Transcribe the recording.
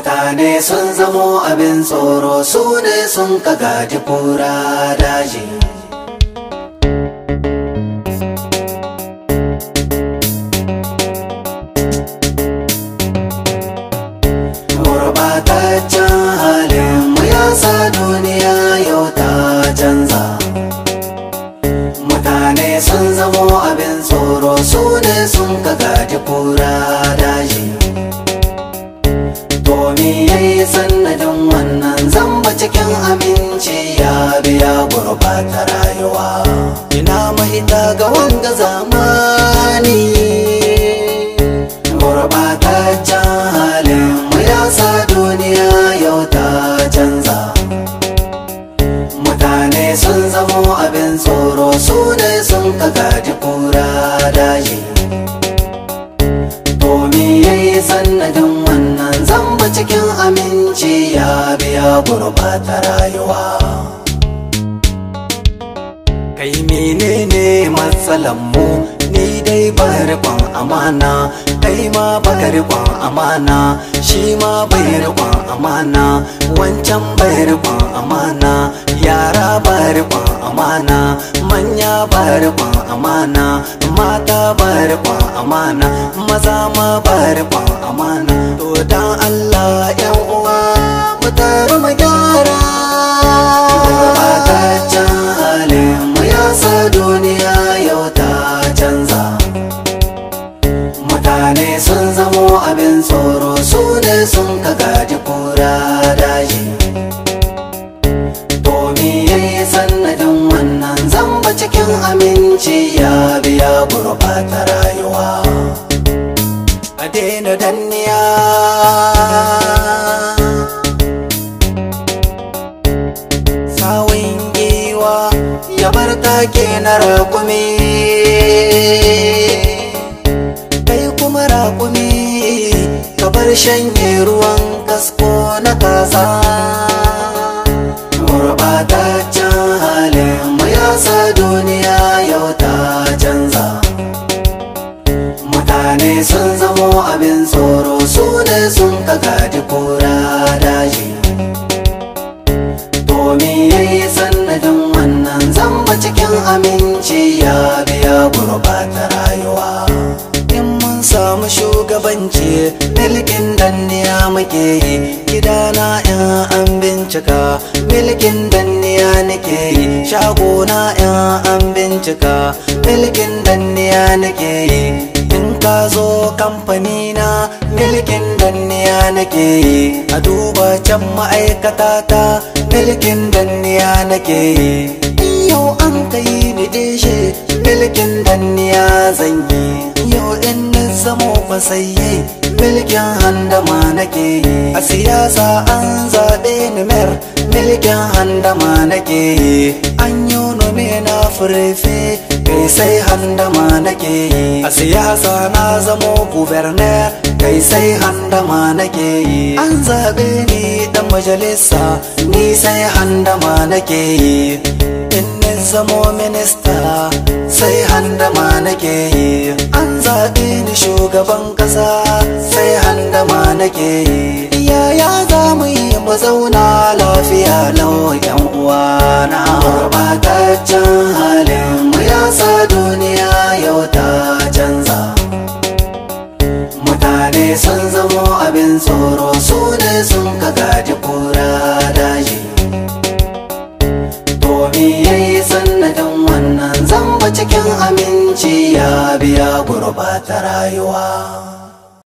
mutane sun zamo abin tsoro su ne sun kagaji kura daji gurbataccen halin mu ya sa duniya yau ta canza mutane sun zamo abin tsoro su ne sun gaji. sanadin wannan zamba cikin amince ya biya gurbata rayuwa ina mahita ga wanga zamani gurbataccen halin mu ya sa duniya yau ta canza mutane sun zamo abin tsoro su ne sun gaji kura daji domin yayi sanadin wannan zamba cikin aminci gurbata rayuwa kai menene mu ni dai ba riƙon amana kai ma ba riƙon amana shi ma bai riƙon amana wancan bai riƙon amana yara ba riƙon amana manya ba riƙon amana mata ba riƙon amana maza ma ba riƙon amana to dan Allah nasara gurɓataccen halin mu ya sa duniya yau ta canza mutane sun zamo abin tsoro su ne sun ka gaji kura daji domin yayi sannadin wannan zamba cikin aminci ya biya gurɓata rayuwa a daina danniya kamar take na rakumi kai kuma rakumi ka bar shanye ruwan kasko na kasa gurbataccen halin mu duniya yau ta canza mutane sun zamo abin so milkin danniya muke yi gidana in an bincika milkin danniya nake yi shagona in an bincika milkin danniya nake yi in ka zo kamfani na milkin danniya nake yi a duba can ma'aikata ta milkin danniya nake yi yau an kai ni dishe milkin danniya zangi yau in zamo fasayye milkin ma nake a siyasa an zaɓe ni mer milkin handama nake an yi nome na furefe kai sai ma nake a siyasa na zamo gubernar kai sai ma nake an zaɓe ni dan majalisa ni sai ma nake in zamo minista sai ma nake an ni shugaban ƙasa sai handama nake yi yaya za mu yi mu zauna lafiya lauyan uwana gurbataccen halin mu ya sa duniya yau ta canza mutane sun zamo abin tsoro su ne sun ka gaji kura daji domin yayi cikin aminci ya biya gurbata rayuwa